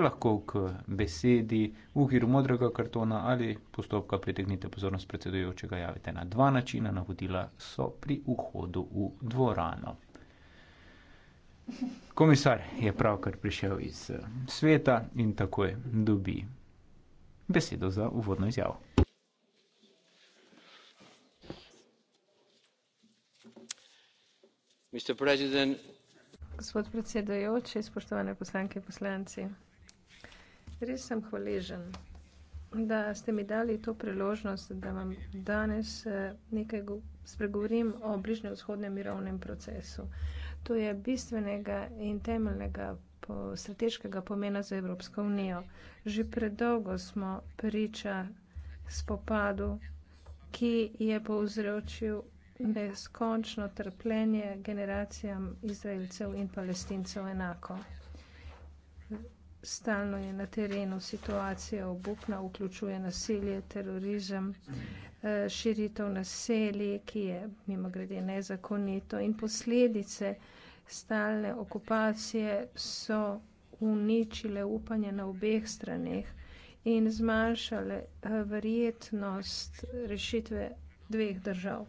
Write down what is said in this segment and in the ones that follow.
lahko k besedi v okviru modrega kartona ali postopka pritegnite pozornost predsedujočega, javite na dva načina, navodila so pri vhodu v dvorano. Komisar je pravkar prišel iz eh, sveta in takoj dobi besedo za uvodno izjavo. Gospod predsedujoči, spoštovane poslanke in poslanci. Res sem hvaležen, da ste mi dali to priložnost, da vam danes eh, nekaj spregovorim o bližnjevzhodnem mirovnem procesu. To je bistvenega in temeljnega po strateškega pomena za Evropsko unijo. Že predolgo smo priča spopadu, ki je povzročil neskončno trpljenje generacijam Izraelcev in Palestincev enako stalno je na terenu situacija obupna, vključuje nasilje, terorizem, eh, širitev naselij, ki je mimo grede nezakonito in posledice stalne okupacije so uničile upanje na obeh straneh in zmanjšale eh, verjetnost rešitve dveh držav.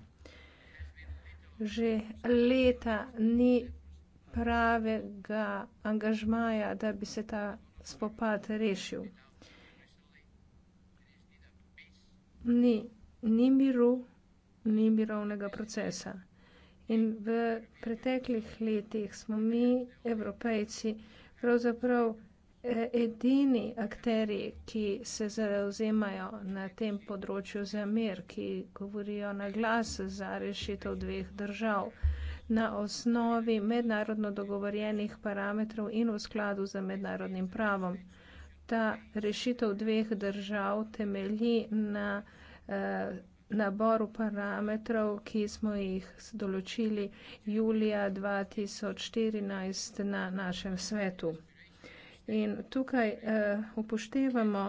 Že leta ni pravega angažmaja, da bi se ta spopad rešil. Ni, ni miru, ni mirovnega procesa. In v preteklih letih smo mi, evropejci, pravzaprav e, edini akteri, ki se zauzemajo na tem področju za mir, ki govorijo na glas za rešitev dveh držav na osnovi mednarodno dogovorjenih parametrov in v skladu z mednarodnim pravom. Ta rešitev dveh držav temelji na eh, naboru parametrov, ki smo jih določili julija 2014 na našem svetu. In tukaj eh, upoštevamo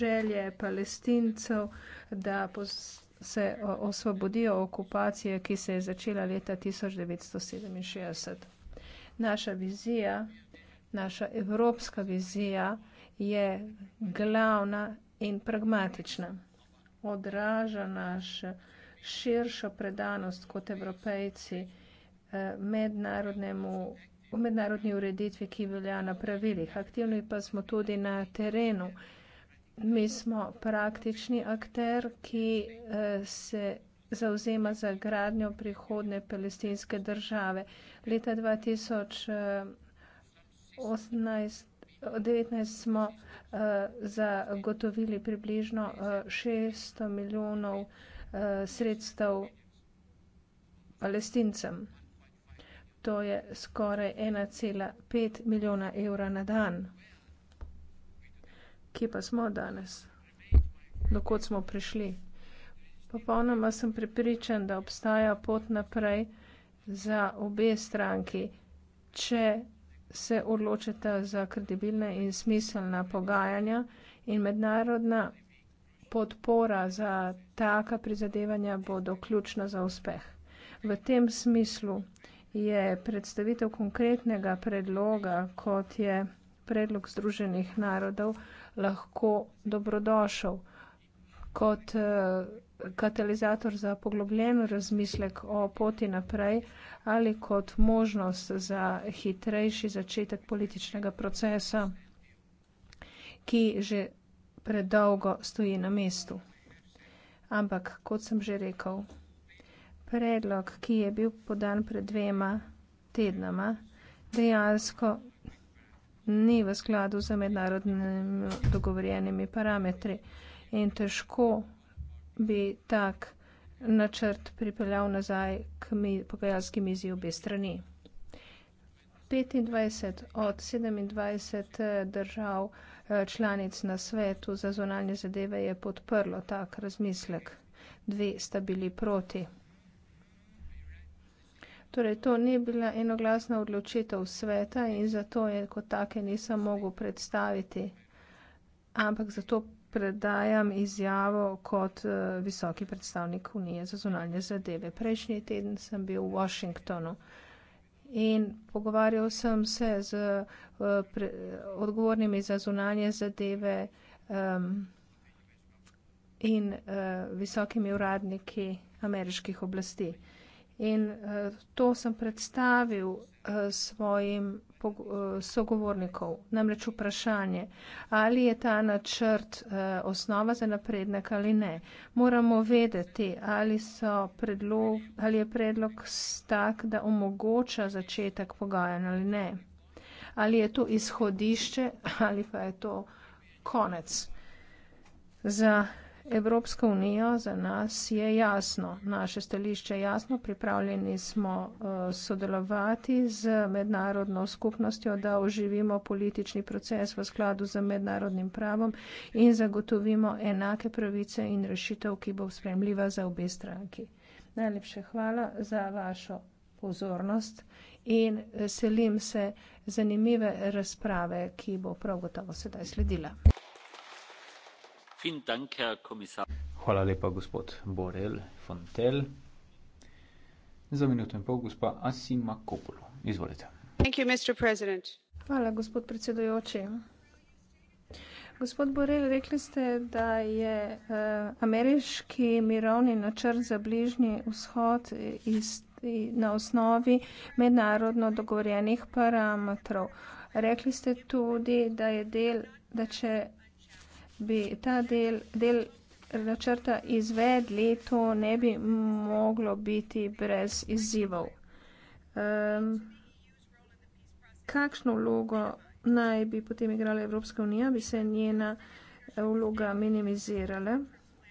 želje palestincev, da postavljamo se osvobodijo okupacije, ki se je začela leta 1967. Naša vizija, naša evropska vizija je glavna in pragmatična. Odraža naš širšo predanost kot evropejci eh, mednarodni ureditvi, ki velja na pravilih. Aktivni pa smo tudi na terenu mi smo praktični akter, ki eh, se zauzema za gradnjo prihodne palestinske države. Leta 2019 eh, smo eh, zagotovili približno 600 milijonov sredstev palestincem. To je skoraj 1,5 milijona evra na dan kje pa smo danes, dokot smo prišli. Popolnoma sem prepričan, da obstaja pot naprej za obe stranki, če se odločite za kredibilne in smiselna pogajanja in mednarodna podpora za taka prizadevanja bo doključna za uspeh. V tem smislu je predstavitev konkretnega predloga, kot je predlog Združenih narodov lahko dobrodošel kot eh, katalizator za poglobljen razmislek o poti naprej ali kot možnost za hitrejši začetek političnega procesa, ki že predolgo stoji na mestu. Ampak, kot sem že rekel, predlog, ki je bil podan pred dvema tednama, dejansko ni v skladu z mednarodnimi dogovorjenimi parametri in težko bi tak načrt pripeljal nazaj k pogajalski mizi obe strani. 25 od 27 eh, držav eh, članic na svetu za zonalne zadeve je podprlo tak razmislek. Dve sta bili proti. Torej, to ni bila enoglasna odločitev sveta in zato je kot take nisem mogel predstaviti, ampak zato predajam izjavo kot uh, visoki predstavnik Unije za zunanje zadeve. Prejšnji teden sem bil v Washingtonu in pogovarjal sem se z uh, pre, odgovornimi za zunanje zadeve um, in uh, visokimi uradniki ameriških oblasti. Uh, In uh, to sem predstavil uh, svojim uh, sogovornikom, namreč vprašanje, ali je ta načrt uh, osnova za naprednek ali ne. Moramo vedeti, ali, predlog, ali je predlog tak, da omogoča začetek pogajanj ali ne. Ali je to izhodišče ali pa je to konec za Evropska unija za nas je jasno, naše stališče je jasno, pripravljeni smo uh, sodelovati z mednarodno skupnostjo, da oživimo politični proces v skladu z mednarodnim pravom in zagotovimo enake pravice in rešitev, ki bo spremljiva za obe stranki. Najlepše hvala za vašo pozornost in eh, selim se zanimive razprave, ki bo prav gotovo sedaj sledila. Hvala lepa, gospod Borel Fontel. Za minuto in pol, gospa Asima Kopolo. Izvolite. Hvala, gospod predsedujoči. Gospod Borel, rekli ste, da je uh, ameriški mirovni načrt za bližnji vzhod iz, na osnovi mednarodno dogovorjenih parametrov. Rekli ste tudi, da je del, da če bi ta del, del načrta izvedli, to ne bi moglo biti brez izzivov. Um, kakšno vlogo naj bi potem igrala Evropska unija, bi se njena eh, vloga minimizirala?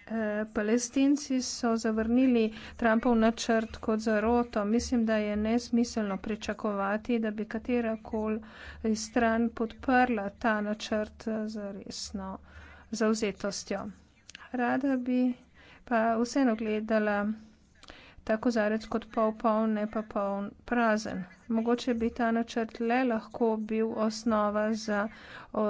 Eh, Palestinci so zavrnili Trumpov načrt kot zaroto. Mislim, da je nesmiselno pričakovati, da bi katerakoli stran podprla ta načrt eh, za resno. Uh, zauzetostjo. Rada bi pa vseeno gledala tako zarec kot pol poln, ne pa poln prazen. Mogoče bi ta načrt le lahko bil osnova za. O,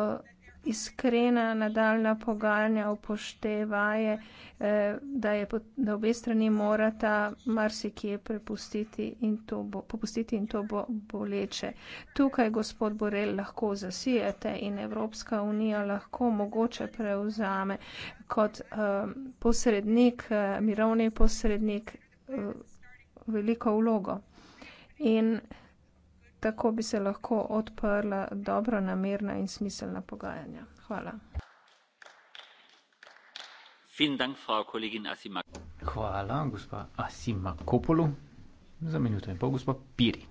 iskrena nadaljna pogajanja upoštevaje, eh, da, je, da obe strani morata marsikje prepustiti in to bo, popustiti in to bo boleče. Tukaj gospod Borel lahko zasijete in Evropska unija lahko mogoče prevzame kot eh, posrednik, eh, mirovni posrednik veliko vlogo. In Tako bi se lahko odprla dobro namerna in smiselna pogajanja. Hvala. Hvala, gospa Asima Kopolu. Za minuto in pol, gospa Piri.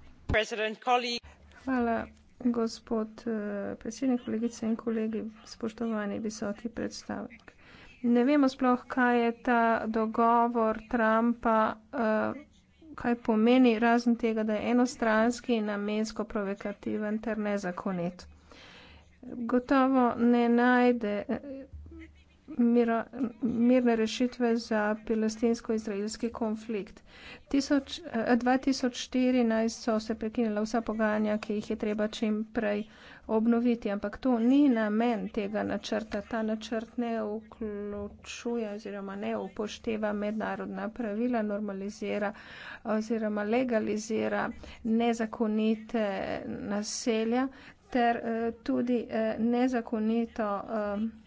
Hvala, gospod eh, predsednik, kolegice in kolegi, spoštovani visoki predstavnik. Ne vemo sploh, kaj je ta dogovor Trumpa. Uh, kaj pomeni, razen tega, da je enostranski in namensko provokativen ter nezakonit. Gotovo ne najde mira, mirne rešitve za palestinsko-izraelski konflikt. Tisoč, eh, 2014 so se prekinila vsa pogajanja, ki jih je treba čim prej obnoviti, ampak to ni namen tega načrta. Ta načrt ne vključuje oziroma ne upošteva mednarodna pravila, normalizira oziroma legalizira nezakonite naselja ter eh, tudi eh, nezakonito. Eh,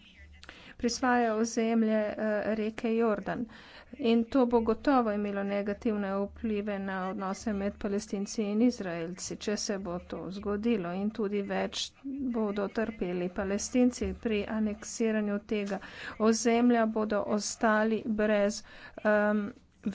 prisvaja ozemlje eh, reke Jordan. In to bo gotovo imelo negativne vplive na odnose med palestinci in izraelci, če se bo to zgodilo. In tudi več bodo trpeli palestinci pri aneksiranju tega ozemlja, bodo ostali brez um, ehm,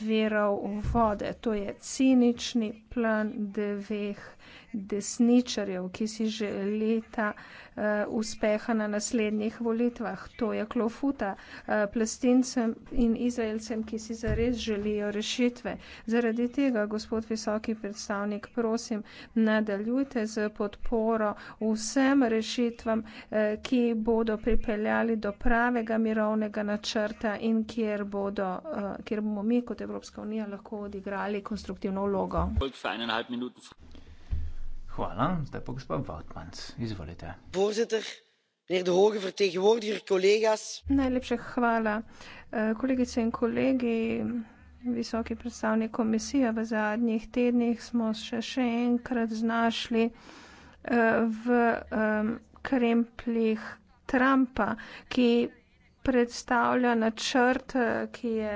verov vode. To je cinični plan dveh desničarjev, ki si želita uh, uspeha na naslednjih volitvah. To je klofuta uh, eh, plastincem in izraelcem, ki si zares želijo rešitve. Zaradi tega, gospod visoki predstavnik, prosim, nadaljujte z podporo vsem rešitvam, uh, ki bodo pripeljali do pravega mirovnega načrta in kjer, bodo, uh, kjer bomo mi kot Evropska unija lahko odigrali konstruktivno vlogo. Hvala. Zdaj pa gospod Woutmans. Izvolite. Voorzitter, meneer de hoge vertegenwoordiger, collega's. Najlepša hvala. Eh, kolegice in kolegi, visoki predstavnik komisije, v zadnjih tednih smo še, še enkrat znašli eh, v ehm, krempljih Trumpa, ki predstavlja načrt, eh, ki je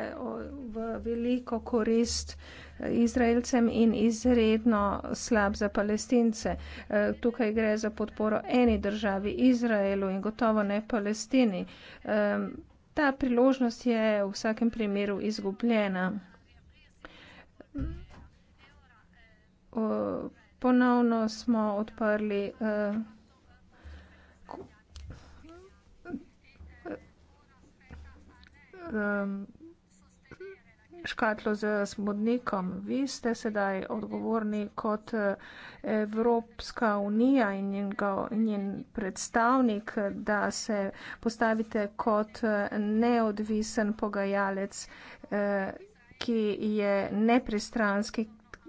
v veliko korist eh, Izraelcem in izredno slab za palestince. Eh, tukaj gre za podporo eni državi, Izraelu in gotovo ne Palestini. Ehm, ta priložnost je v vsakem primeru izgubljena. Ponovno smo odprli. um, škatlo z smodnikom. Vi ste sedaj odgovorni kot uh, Evropska unija in njen, njen predstavnik, da se postavite kot uh, neodvisen pogajalec, uh, ki je nepristranski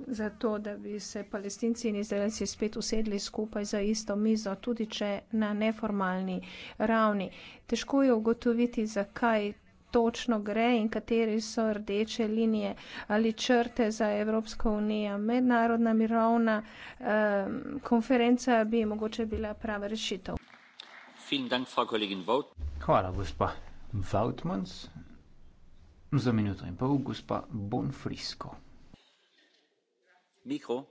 za to, da bi se palestinci in izraelci spet usedli skupaj za isto mizo, tudi če na neformalni ravni. Težko je ugotoviti, zakaj točno gre in kateri so rdeče linije ali črte za Evropsko unijo. Mednarodna mirovna eh, konferenca bi mogoče bila prava rešitev. Dank, Hvala, gospa Vautmans. Za minuto in pol, gospa Bonfrisko. Mikro.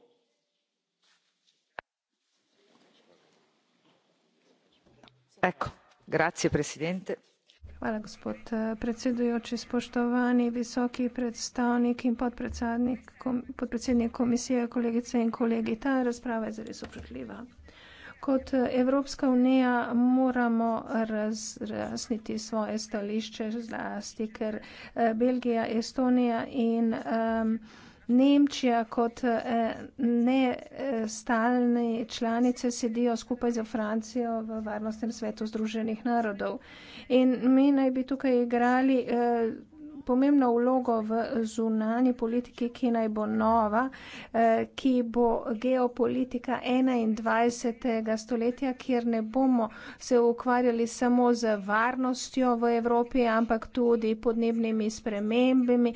Ecco, grazie Presidente. Hvala, gospod eh, predsedujoči, spoštovani visoki predstavnik in podpredsednik, kom, podpredsednik komisije, kolegice in kolegi. Ta razprava je zares občutljiva. Kot eh, Evropska unija moramo razjasniti svoje stališče zlasti, ker eh, Belgija, Estonija in. Um, Nemčija kot eh, nestalne eh, članice sedijo skupaj za Francijo v varnostnem svetu Združenih narodov. In mi naj bi tukaj igrali eh, pomembno vlogo v zunani politiki, ki naj bo nova, eh, ki bo geopolitika 21. stoletja, kjer ne bomo se ukvarjali samo z varnostjo v Evropi, ampak tudi podnebnimi spremembami,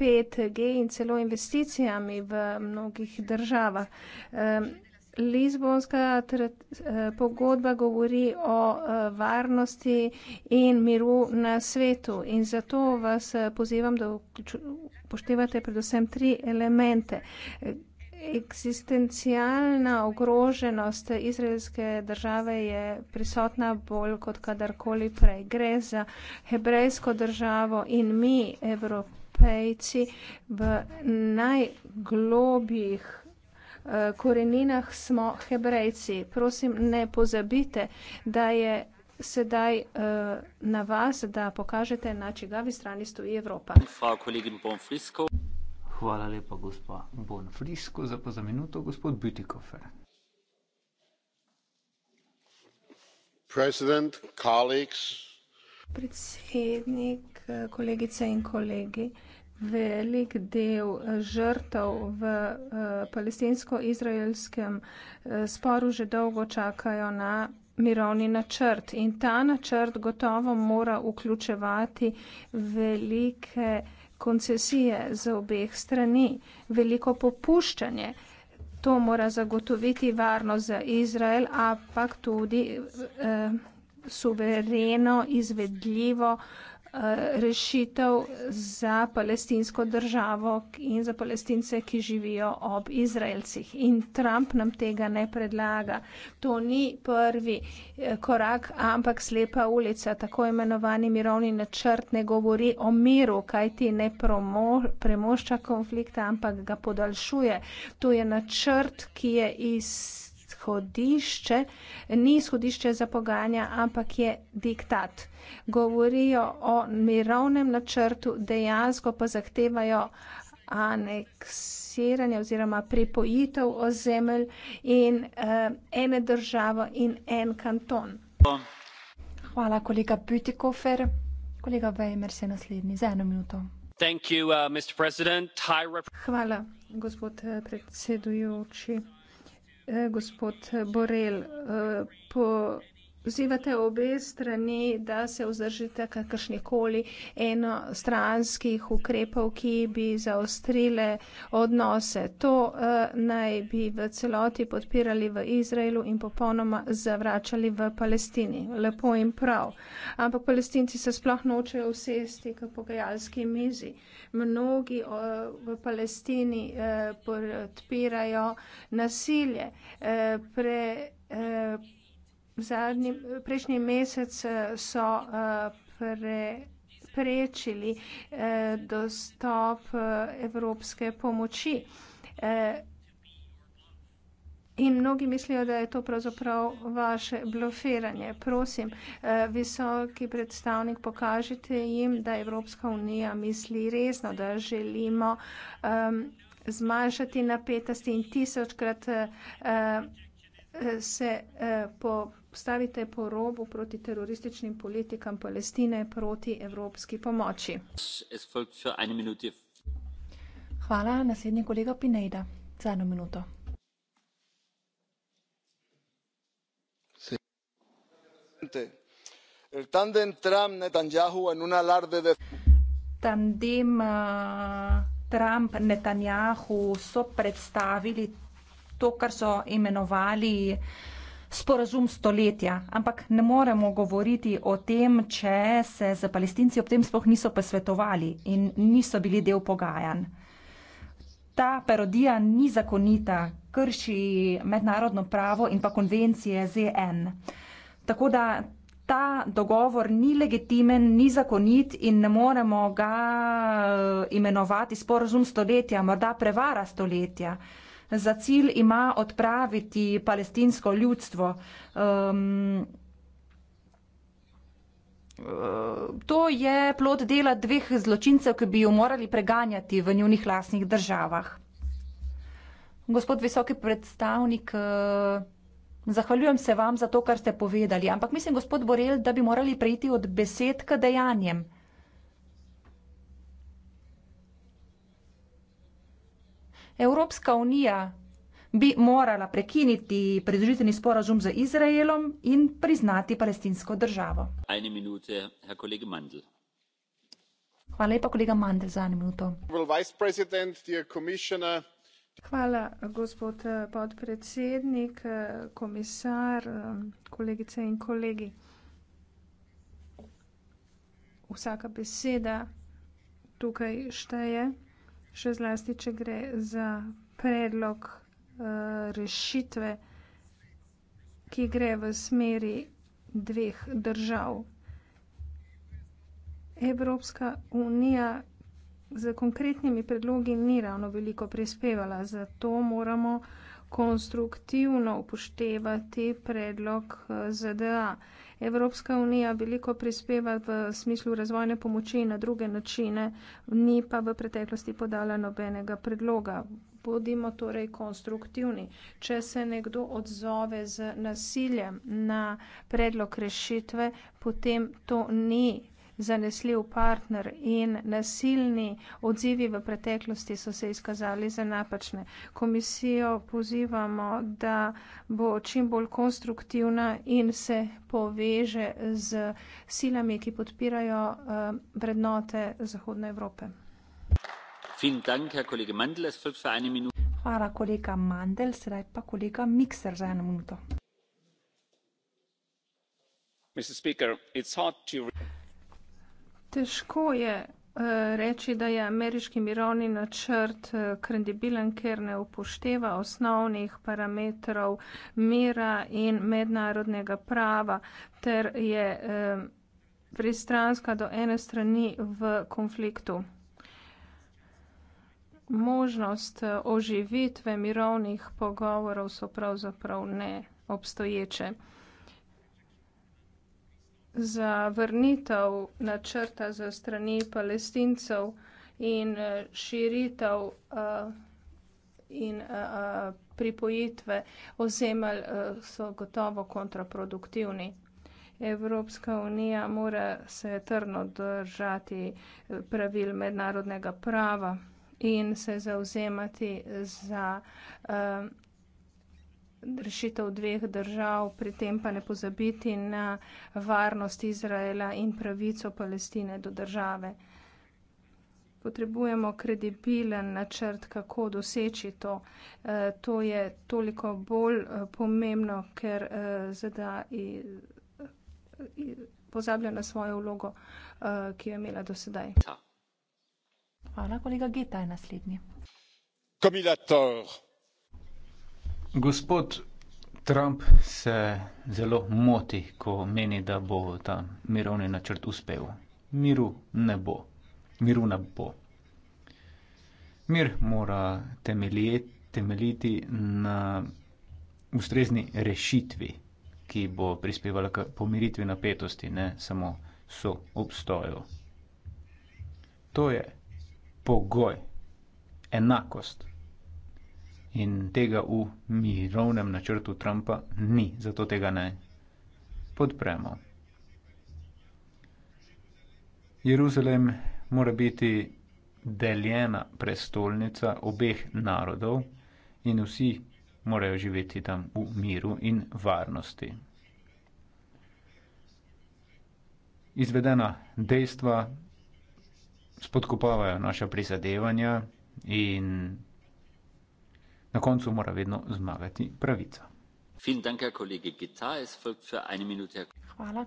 5G eh, in celo investicijami v mnogih državah. Eh, Lizbonska trat, eh, pogodba govori o eh, varnosti in miru na svetu in zato vas eh, pozivam, da upoštevate predvsem tri elemente. Eksistencialna ogroženost izraelske države je prisotna bolj kot kadarkoli prej. Gre za hebrejsko državo in mi, evropejci, v najglobjih koreninah smo hebrejci. Prosim, ne pozabite, da je sedaj eh, na vas, da pokažete, na čigavi strani stoji Evropa. Hvala lepa, gospa Bonfrisko, za pa za minuto, gospod Bütikofer. Predsednik, eh, kolegice in kolegi velik del eh, žrtev v uh, palestinsko-izraelskem uh, sporu že dolgo čakajo na mirovni načrt. In ta načrt gotovo mora vključevati velike koncesije za obeh strani, veliko popuščanje. To mora zagotoviti varnost za Izrael, ampak tudi uh, suvereno, izvedljivo uh, Eh, rešitev za palestinsko državo in za palestince, ki živijo ob Izraelcih. In Trump nam tega ne predlaga. To ni prvi eh, korak, ampak slepa ulica, tako imenovani mirovni načrt, ne govori o miru, kaj ti ne promo, premošča konflikta, ampak ga podaljšuje. To je načrt, ki je iz izhodišče, ni izhodišče za pogajanja, ampak je diktat. Govorijo o mirovnem načrtu, dejansko pa zahtevajo aneksiranje oziroma pripojitev ozemelj in eh, ene državo in en kanton. Hvala, kolega Pütikofer. Kolega Weimer se naslednji za eno minuto. Thank you, uh, Hvala, gospod eh, predsedujoči. Eh, gospod eh, Borel. Eh, po pozivate obe strani, da se vzdržite kakršnikoli enostranskih ukrepov, ki bi zaostrile odnose. To uh, naj bi v celoti podpirali v Izraelu in popolnoma zavračali v Palestini. Lepo in prav. Ampak palestinci se sploh nočejo usesti k pogajalski mizi. Mnogi uh, v Palestini uh, podpirajo nasilje. Uh, pre, uh, zadnji, prejšnji mesec eh, so eh, pre prečili eh, dostop evropske pomoči. In mnogi mislijo, da je to pravzaprav vaše blofiranje. Prosim, visoki predstavnik, pokažite jim, da Evropska unija misli resno, da želimo um, zmanjšati napetosti in tisočkrat uh, se uh, po postavite po robu proti terorističnim politikam Palestine proti evropski pomoči. Hvala, naslednji kolega Pinejda. Za eno minuto. El tandem Trump Netanyahu en un alarde de tandem uh, eh, Trump Netanyahu so predstavili to, kar so imenovali uh, sporazum stoletja, ampak ne moremo govoriti o tem, če se z palestinci ob tem sploh niso posvetovali in niso bili del pogajanj. Ta parodija ni zakonita, krši mednarodno pravo in pa konvencije ZN. Tako da ta dogovor ni legitimen, ni zakonit in ne moremo ga eh, imenovati sporazum stoletja, morda prevara stoletja za cilj ima odpraviti palestinsko ljudstvo. Um, uh, to je plod dela dveh zločincev, ki bi jo morali preganjati v njunih lasnih državah. Gospod visoki predstavnik, uh, zahvaljujem se vam za to, kar ste povedali, ampak mislim, gospod Borel, da bi morali preiti od besed k dejanjem. Evropska unija bi morala prekiniti pridružitveni sporazum z Izraelom in priznati palestinsko državo. Minute, Hvala lepa, kolega Mandl, za eno minuto. Hvala, gospod eh, podpredsednik, eh, komisar, eh, kolegice in kolegi. Vsaka beseda tukaj šteje še zlasti, če gre za predlog uh, rešitve, ki gre v smeri dveh držav. Evropska unija z konkretnimi predlogi ni ravno veliko prispevala, zato moramo konstruktivno upoštevati predlog eh, ZDA. Uh, Evropska unija veliko prispeva v smislu razvojne pomoči na druge načine, ni pa v preteklosti podala nobenega predloga. Bodimo torej konstruktivni. Če se nekdo odzove z nasiljem na predlog rešitve, potem to ni zanesljiv partner in nasilni odzivi v preteklosti so se izkazali za napačne. Komisijo pozivamo, da bo čim bolj konstruktivna in se poveže z silami, ki podpirajo eh, vrednote Zahodne Evrope. Hvala, kolega Mandel, sedaj pa kolega Mikser za eno minuto. Težko je uh, reči, da je ameriški mirovni načrt uh, kredibilen, ker ne upošteva osnovnih parametrov mira in mednarodnega prava, ter je uh, pristranska do ene strani v konfliktu. Možnost oživitve mirovnih pogovorov so pravzaprav neobstoječe za vrnitev načrta za strani palestincev in eh, širitev uh, in uh, pripojitve ozemelj uh, so gotovo kontraproduktivni. Evropska unija mora se trno držati pravil mednarodnega prava in se zauzemati za uh, rešitev dveh držav, pri tem pa ne pozabiti na varnost Izraela in pravico Palestine do države. Potrebujemo kredibilen načrt, kako doseči to. E, to je toliko bolj e, pomembno, ker e, eh, zada i, i, pozablja na svojo vlogo, e, ki jo je imela do sedaj. Hvala, kolega Geta je naslednji. Kamilator. Gospod Trump se zelo moti, ko meni, da bo ta mirovni načrt uspel. Miru ne bo. Miru ne bo. Mir mora temeljiti na ustrezni rešitvi, ki bo prispevala k pomiritvi napetosti, ne samo so obstoju. To je pogoj, enakost. In tega v mirovnem načrtu Trumpa ni, zato tega ne podpremo. Jeruzalem mora biti deljena prestolnica obeh narodov in vsi morajo živeti tam v miru in varnosti. Izvedena dejstva spodkopavajo naša prizadevanja in Na koncu mora vedno zmagati pravica. Hvala.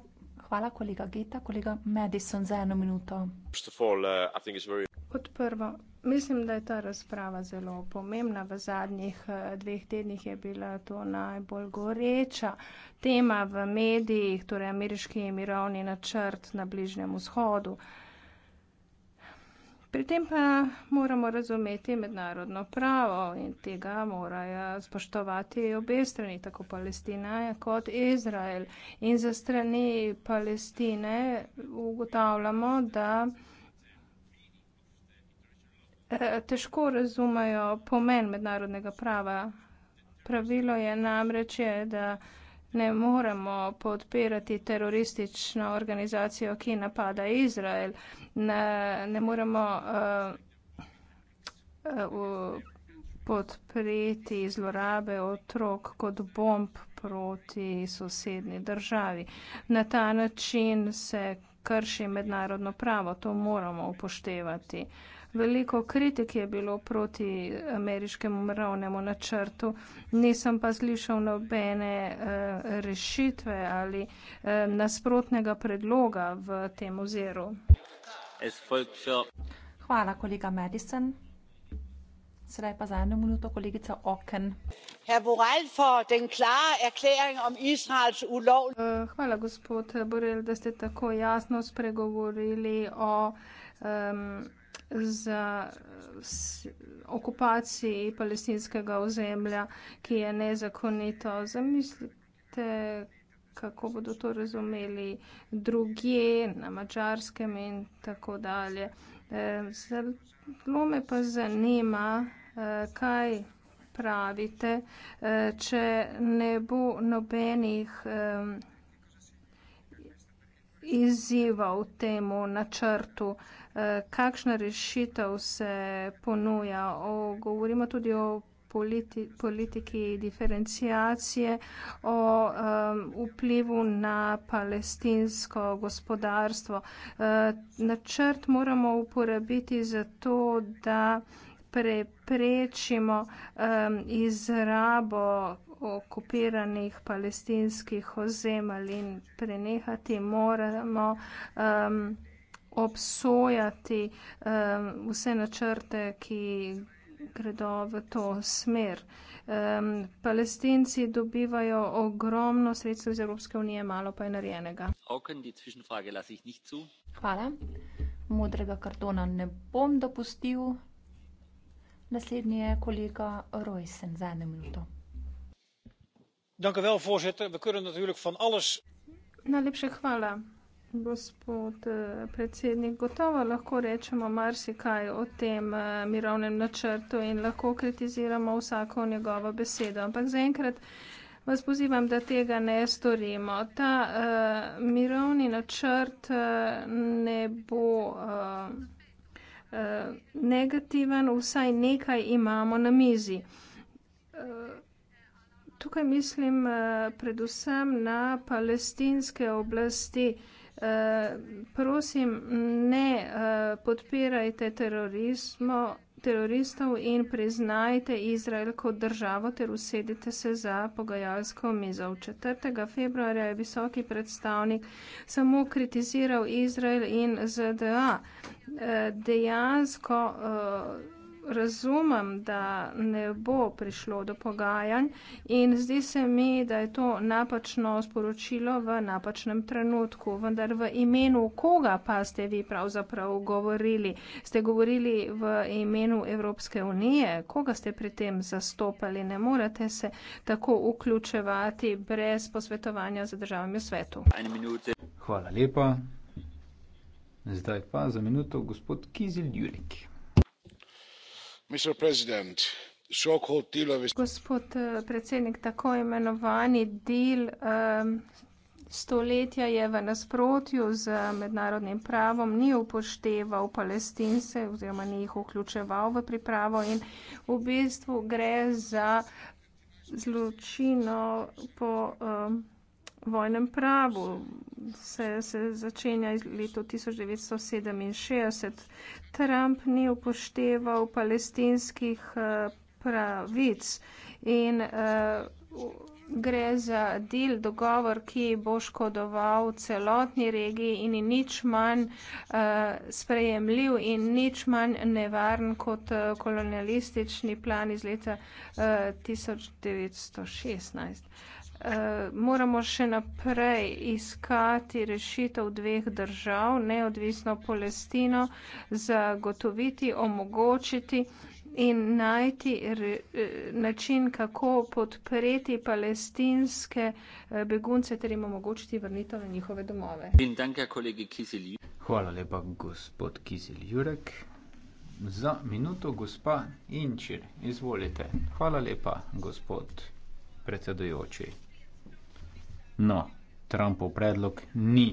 Hvala, kolega Geta, kolega Madison, za eno minuto. Uh, Kot prvo, mislim, da je ta razprava zelo pomembna. V zadnjih uh, dveh tednih je bila to najbolj goreča tema v medijih, torej ameriški mirovni načrt na Bližnjem vzhodu. Pri tem pa moramo razumeti mednarodno pravo in tega morajo spoštovati obe strani, tako Palestina kot Izrael. In za strani Palestine ugotavljamo, da eh, težko razumejo pomen mednarodnega prava. Pravilo je namreč, je, da ne moremo podpirati teroristično organizacijo, ki napada Izrael. Ne, ne moremo uh, uh, podpreti zlorabe otrok kot bomb proti sosednji državi. Na ta način se krši mednarodno pravo. To moramo upoštevati. Uh, Veliko kritik je bilo proti ameriškemu mravnemu načrtu, nisem pa slišal nobene eh, rešitve ali eh, nasprotnega predloga v tem oziru. Hvala, kolega Madison. Sedaj pa za eno minuto kolegica Oken. Eh, hvala, gospod Borel, da ste tako jasno spregovorili o um, za okupaciji palestinskega ozemlja, ki je nezakonito. Zamislite, kako bodo to razumeli drugje, na mačarskem in tako dalje. E, zelo me pa zanima, e, kaj pravite, e, če ne bo nobenih izzivov temu načrtu. Eh, kakšna rešitev se ponuja. O, govorimo tudi o politi, politiki diferencijacije, o um, vplivu na palestinsko gospodarstvo. Uh, načrt moramo uporabiti zato, da preprečimo um, izrabo okupiranih palestinskih ozemelj in prenehati moramo. Um, obsojati um, vse načrte, ki gredo v to smer. Um, palestinci dobivajo ogromno sredstev iz Evropske unije, malo pa je narejenega. Hvala. Modrega kartona ne bom dopustil. Naslednji je kolega Roysen za eno minuto. Dank u wel, voorzitter. We kunnen natuurlijk van alles. Najlepše hvala. Gospod eh, predsednik, gotovo lahko rečemo marsikaj o tem eh, mirovnem načrtu in lahko kritiziramo vsako njegovo besedo. Ampak zaenkrat vas pozivam, da tega ne storimo. Ta uh, mirovni načrt ne bo. Uh, negativen, vsaj nekaj imamo na mizi. Tukaj mislim predvsem na palestinske oblasti, Eh, prosim, ne eh, podpirajte terorizmo, teroristov in priznajte Izrael kot državo ter usedite se za pogajalsko mizo. 4. februarja je visoki predstavnik samo kritiziral Izrael in ZDA. Eh, dejansko razumem, da ne bo prišlo do pogajanj in zdi se mi, da je to napačno sporočilo v napačnem trenutku. Vendar v imenu koga pa ste vi pravzaprav govorili? Ste govorili v imenu Evropske unije? Koga ste pri tem zastopali? Ne morete se tako vključevati brez posvetovanja z državami v svetu. Hvala lepa. Zdaj pa za minuto gospod Kizil Jurek gospod eh, predsednik tako imenovani del stoletja je v nasprotju z mednarodnim pravom ni upošteval palestince oziroma ni jih vključeval v pripravo in v bistvu gre za zločino po um, vojnem pravu. Se, se začenja iz leto 1967. Trump ni upošteval palestinskih eh, pravic in uh, gre za del dogovor, ki bo škodoval celotni regiji in je nič manj uh, sprejemljiv in nič manj nevaren kot uh, kolonialistični plan iz leta uh, 1916. Eh, moramo še naprej iskati rešitev dveh držav, neodvisno Palestino, zagotoviti, omogočiti in najti re, eh, način, kako podpreti palestinske eh, begunce, ter jim omogočiti vrnitev na njihove domove. Hvala lepa, gospod Kizil Jurek. Za minuto, gospa Inčir, izvolite. Hvala lepa, gospod predsedujoči. No, Trumpov predlog ni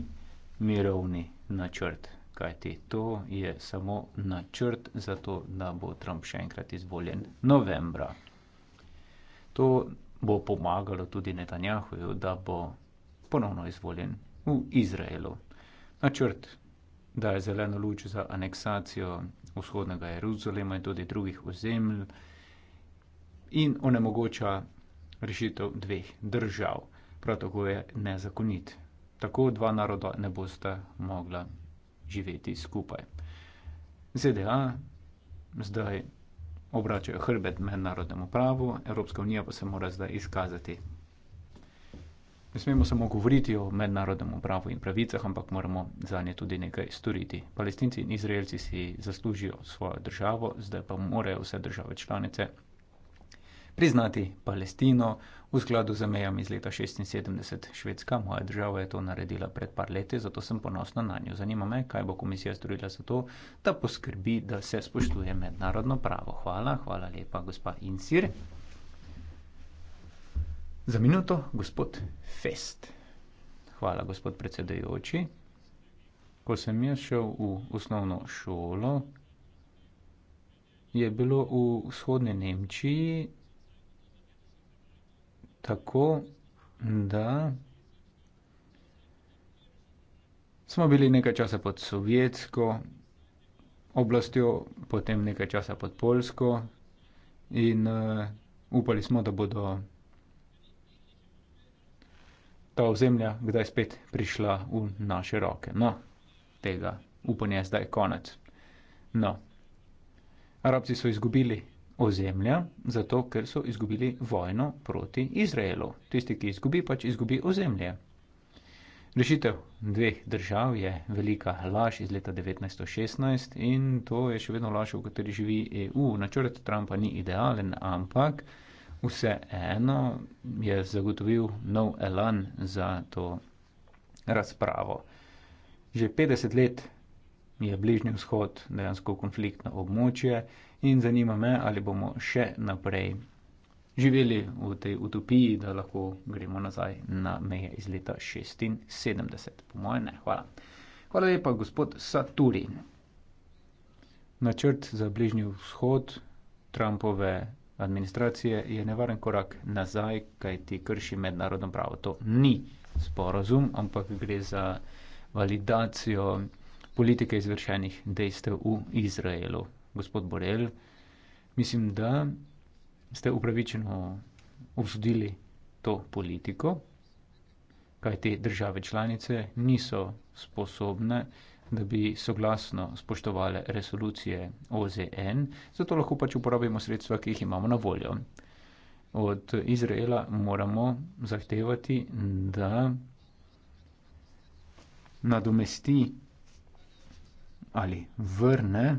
mirovni načrt, kajti to je samo načrt za to, da bo Trump še enkrat izvoljen novembra. To bo pomagalo tudi Netanjahuju, da bo ponovno izvoljen v Izraelu. Načrt daje zeleno luč za aneksacijo vzhodnega Jeruzalema in tudi drugih ozemelj in onemogoča rešitev dveh držav prav tako je nezakonit. Tako dva naroda ne bosta mogla živeti skupaj. ZDA zdaj obračajo hrbet mednarodnemu pravu, Evropska unija pa se mora zdaj izkazati. Ne smemo samo govoriti o mednarodnem pravu in pravicah, ampak moramo za nje tudi nekaj storiti. Palestinci in Izraelci si zaslužijo svojo državo, zdaj pa morajo vse države članice priznati Palestino v skladu z mejami iz leta 1976. Švedska, moja država, je to naredila pred par leti, zato sem ponosna na njo. Zanima me, kaj bo komisija storila za to, da poskrbi, da se spoštuje mednarodno pravo. Hvala, hvala lepa, gospa Insir. Za minuto, gospod Fest. Hvala, gospod predsedajoči. Ko sem jaz šel v osnovno šolo, je bilo v vzhodni Nemčiji tako, da smo bili nekaj časa pod sovjetsko oblastjo, potem nekaj časa pod polsko in uh, upali smo, da bodo ta ozemlja kdaj spet prišla v naše roke. No, tega upanja je zdaj konec. No, arabci so izgubili ozemlja, zato ker so izgubili vojno proti Izraelu. Tisti, ki izgubi, pač izgubi ozemlje. Rešitev dveh držav je velika laž iz leta 1916 in to je še vedno laž, v kateri živi EU. Načrt Trumpa ni idealen, ampak vseeno je zagotovil nov elan za to razpravo. Že 50 let je Bližnji vzhod dejansko konfliktno območje in zanima me, ali bomo še naprej živeli v tej utopiji, da lahko gremo nazaj na meje iz leta 76. Po mojem, ne. Hvala. Hvala lepa, gospod Saturin. Načrt za bližnji vzhod Trumpove administracije je nevaren korak nazaj, kaj ti krši mednarodno pravo. To ni sporazum, ampak gre za validacijo politike izvršenih dejstev v Izraelu gospod Borel, mislim, da ste upravičeno obsodili to politiko, kaj te države članice niso sposobne, da bi soglasno spoštovali resolucije OZN, zato lahko pač uporabimo sredstva, ki jih imamo na voljo. Od Izraela moramo zahtevati, da nadomesti ali vrne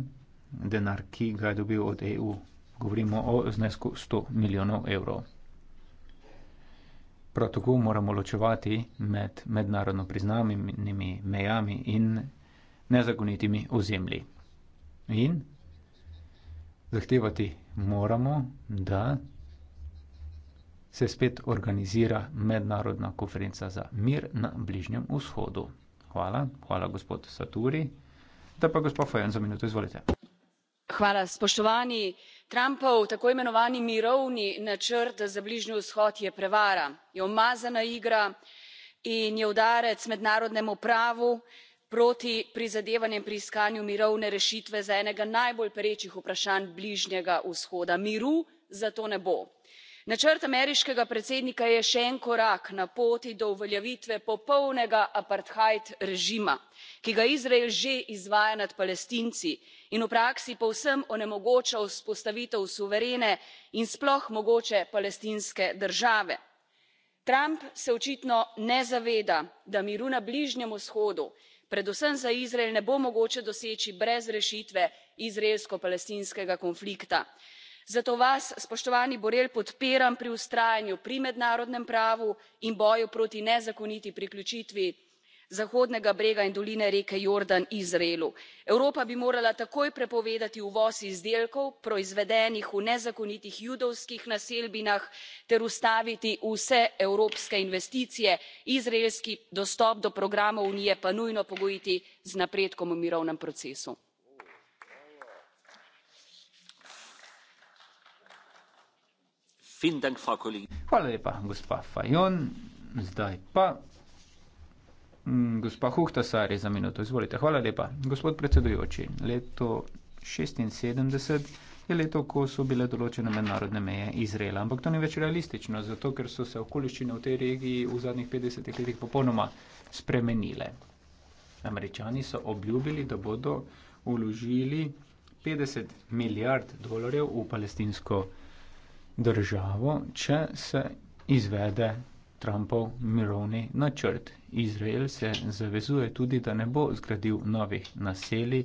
denar, ki ga je dobil od EU. Govorimo o znesku 100 milijonov evrov. Prav tako moramo ločevati med mednarodno priznanimi mejami in nezakonitimi ozemlji. In zahtevati moramo, da se spet organizira mednarodna konferenca za mir na Bližnjem vzhodu. Hvala, hvala gospod Saturi. Da pa gospod Fajon za minuto izvolite gospa predsednica! trumpov tako imenovani mirovni načrt za bližnji vzhod je prevara je umazana igra in je udarec mednarodnemu pravu proti prizadevanjem pri iskanju mirovne rešitve za enega najbolj perečih vprašanj bližnjega vzhoda. miru zato ne bo načrt ameriškega predsednika je še en korak na poti do uveljavitve popolnega apartheid režima ki ga izrael že izvaja nad palestinci in v praksi povsem onemogoča vzpostavitev suverene in sploh mogoče palestinske države. trump se očitno ne zaveda da miru na bližnjem vzhodu predvsem za izrael ne bo mogoče doseči brez rešitve izraelsko palestinskega konflikta zato vas spoštovani borrell podpiram pri vztrajanju pri mednarodnem pravu in boju proti nezakoniti priključitvi zahodnega brega in doline reke jordan izraelu. evropa bi morala takoj prepovedati uvoz izdelkov proizvedenih v nezakonitih judovskih naselbinah ter ustaviti vse evropske investicije izraelski dostop do programov unije pa nujno pogojiti z napredkom v mirovnem procesu. Hvala lepa, gospa Fajon. Zdaj pa. Mm, gospa Huhtasar je za minuto. Izvolite. Hvala lepa. Gospod predsedujoči, leto 76 je leto, ko so bile določene mednarodne meje Izraela. Ampak to ni več realistično, zato ker so se okoliščine v tej regiji v zadnjih 50 letih popolnoma spremenile. Američani so obljubili, da bodo uložili 50 milijard dolarjev v palestinsko regijo državo, če se izvede Trumpov mirovni načrt. Izrael se zavezuje tudi, da ne bo zgradil novih naselij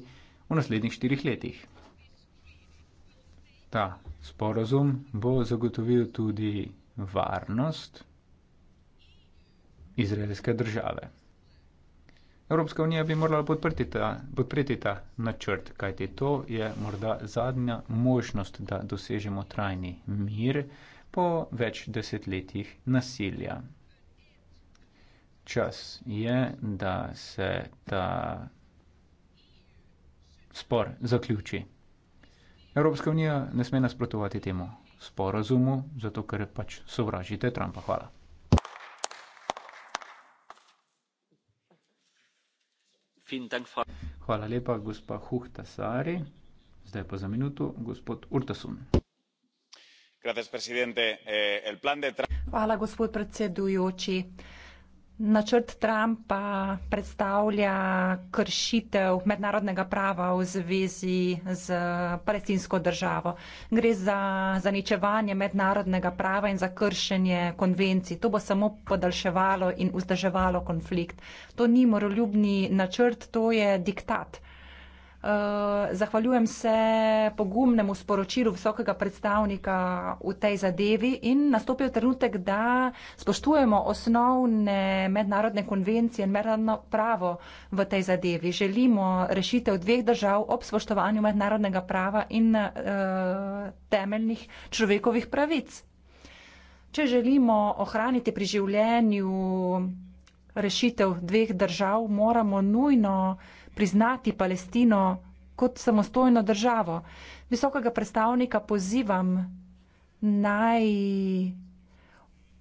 v naslednjih štirih letih. Ta sporozum bo zagotovil tudi varnost izraelske države. Evropska unija bi morala podprti ta, podpreti ta načrt, kajti to je morda zadnja možnost, da dosežemo trajni mir po več desetletjih nasilja. Čas je, da se ta spor zaključi. Evropska unija ne sme nasprotovati temu sporazumu, zato ker pač sovražite Trumpa. Hvala. Hvala lepa, gospa Huhta Sari. Zdaj pa za minuto, gospod Urtasun. Eh, Hvala, gospod predsedujoči. Načrt Trumpa predstavlja kršitev mednarodnega prava v zvezi z palestinsko državo. Gre za zaničevanje mednarodnega prava in za kršenje konvencij. To bo samo podaljševalo in vzdrževalo konflikt. To ni moroljubni načrt, to je diktat. Eh, zahvaljujem se pogumnemu sporočilu visokega predstavnika v tej zadevi in nastopil trenutek, da spoštujemo osnovne mednarodne konvencije in mednarodno pravo v tej zadevi. Želimo rešitev dveh držav ob spoštovanju mednarodnega prava in uh, temeljnih človekovih pravic. Če želimo ohraniti pri življenju rešitev dveh držav, moramo nujno priznati Palestino kot samostojno državo. Visokega predstavnika pozivam naj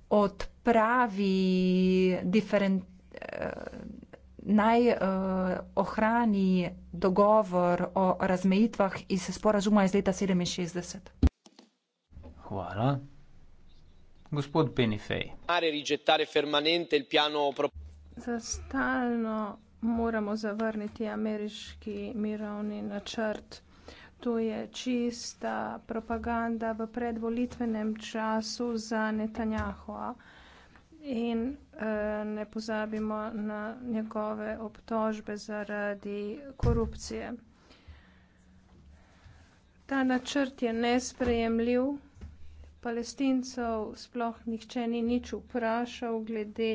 odpravi diferent, eh, naj eh, ohrani dogovor o razmejitvah iz sporazuma iz leta 67. Hvala. Gospod Benifej. Za stalno moramo zavrniti ameriški mirovni načrt. To je čista propaganda v predvolitvenem času za Netanjahua. In e, ne pozabimo na njegove obtožbe zaradi korupcije. Ta načrt je nesprejemljiv. Palestincev sploh nihče ni nič vprašal glede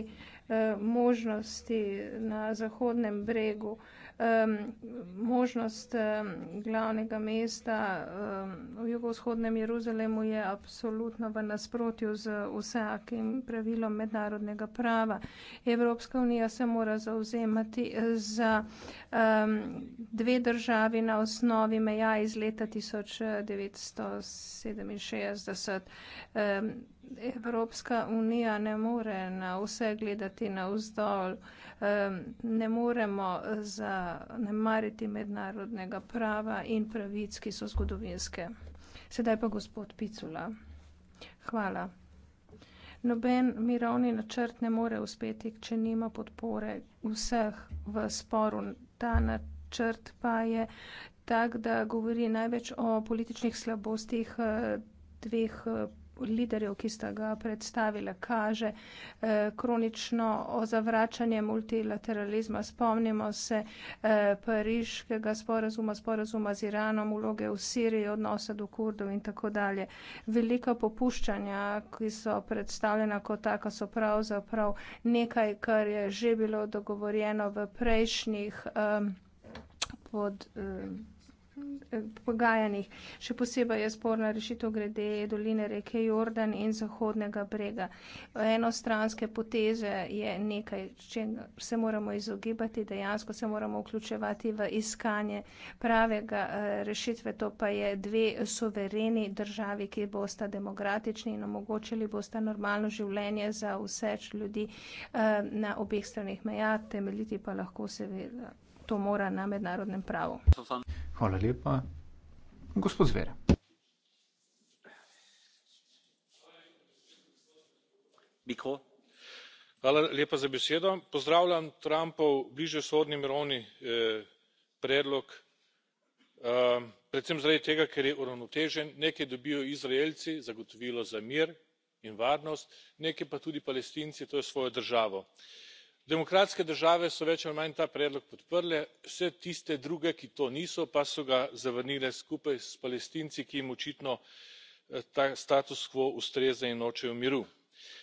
Eh, možnosti na Zahodnem bregu, možnost glavnega mesta v jugovzhodnem Jeruzalemu je absolutno v nasprotju z vsakim pravilom mednarodnega prava. Evropska unija se mora zauzemati za dve državi na osnovi meja iz leta 1967. Evropska unija ne more na vse gledati na vzdolj, ne moremo zanemariti mednarodnega prava in pravic, ki so zgodovinske. Sedaj pa gospod Picula. Hvala. Noben mirovni načrt ne more uspeti, če nima podpore vseh v sporu. Ta načrt pa je tak, da govori največ o političnih slabostih eh, dveh eh, liderjev, ki sta ga predstavila, kaže eh, kronično ozavračanje multilateralizma. Spomnimo se eh, pariškega sporazuma, sporazuma z Iranom, uloge v Siriji, odnose do Kurdov in tako dalje. Velika popuščanja, ki so predstavljena kot taka, so pravzaprav nekaj, kar je že bilo dogovorjeno v prejšnjih eh, pod pogajanjih. Še posebej je sporna rešitev glede doline reke Jordan in zahodnega brega. Enostranske poteze je nekaj, če se moramo izogibati, dejansko se moramo vključevati v iskanje pravega eh, rešitve. To pa je dve sovereni državi, ki bosta demokratični in omogočili bosta normalno življenje za vseč ljudi eh, na obeh stranih meja, temeljiti pa lahko seveda to mora na mednarodnem pravu. Hvala lepa. Gospod Zver. Mikro. Hvala lepa za besedo. Pozdravljam Trumpov bližje sodni mirovni eh, predlog. Eh, predvsem zaradi tega, ker je uravnotežen. Nekaj dobijo Izraelci, zagotovilo za mir in varnost, nekaj pa tudi Palestinci, to je svojo državo demokratske države so več ali manj ta predlog podprle vse tiste druge ki to niso pa so ga zavrnile skupaj s palestinci ki jim očitno eh, ta status quo ustreza in nočejo miru.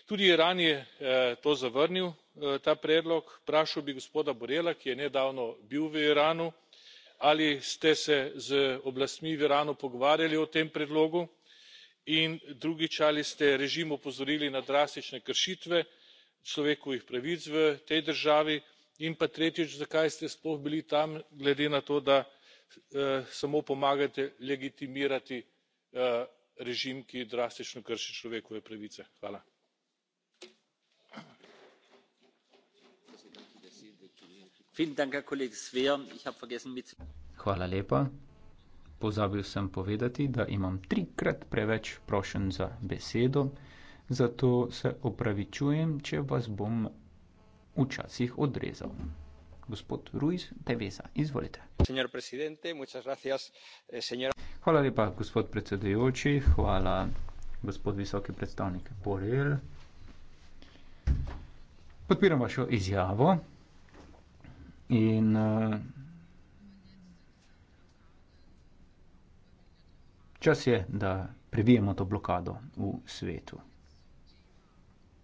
tudi iran je eh, to zavrnil eh, ta predlog vprašal bi gospoda borrella ki je nedavno bil v iranu ali ste se z oblastmi v iranu pogovarjali o tem predlogu in drugič ali ste režim opozorili na drastične kršitve človekovih pravic v tej državi in pa tretjič zakaj ste sploh bili tam glede na to da eh, samo pomagate legitimirati eh, režim ki drastično krši človekove pravice. hvala. pozabil sem povedati da imam trikrat preveč prošenj za besedo zato se opravičujem, če vas bom včasih odrezal. Gospod Ruiz, Teveza, izvolite. Eh, hvala lepa, gospod predsedujoči, hvala, gospod visoki predstavnik Borel. Podpiram vašo izjavo in uh, čas je, da prebijemo to blokado v svetu.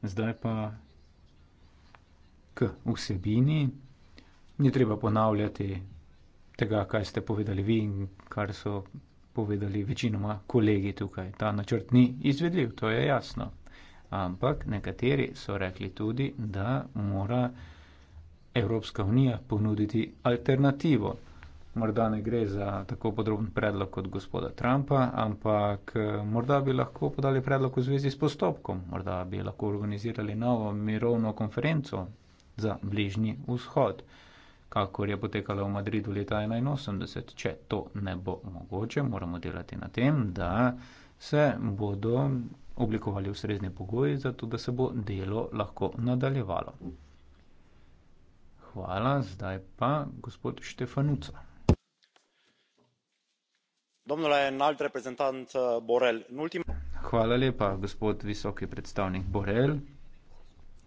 Zdaj pa k vsebini. Ni treba ponavljati tega, kaj ste povedali vi in kar so povedali večinoma kolegi tukaj. Ta načrt ni izvedljiv, to je jasno. Ampak nekateri so rekli tudi, da mora Evropska unija ponuditi alternativo morda ne gre za tako podroben predlog kot gospoda Trumpa, ampak eh, morda bi lahko podali predlog v zvezi s postopkom, morda bi lahko organizirali novo mirovno konferenco za bližnji vzhod, kakor je potekala v Madridu leta 1981. Če to ne bo mogoče, moramo delati na tem, da se bodo oblikovali ustrezni pogoji za to, da se bo delo lahko nadaljevalo. Hvala, zdaj pa gospod Štefanuca. Uh, Hvala lepa, gospod visoki predstavnik Borel.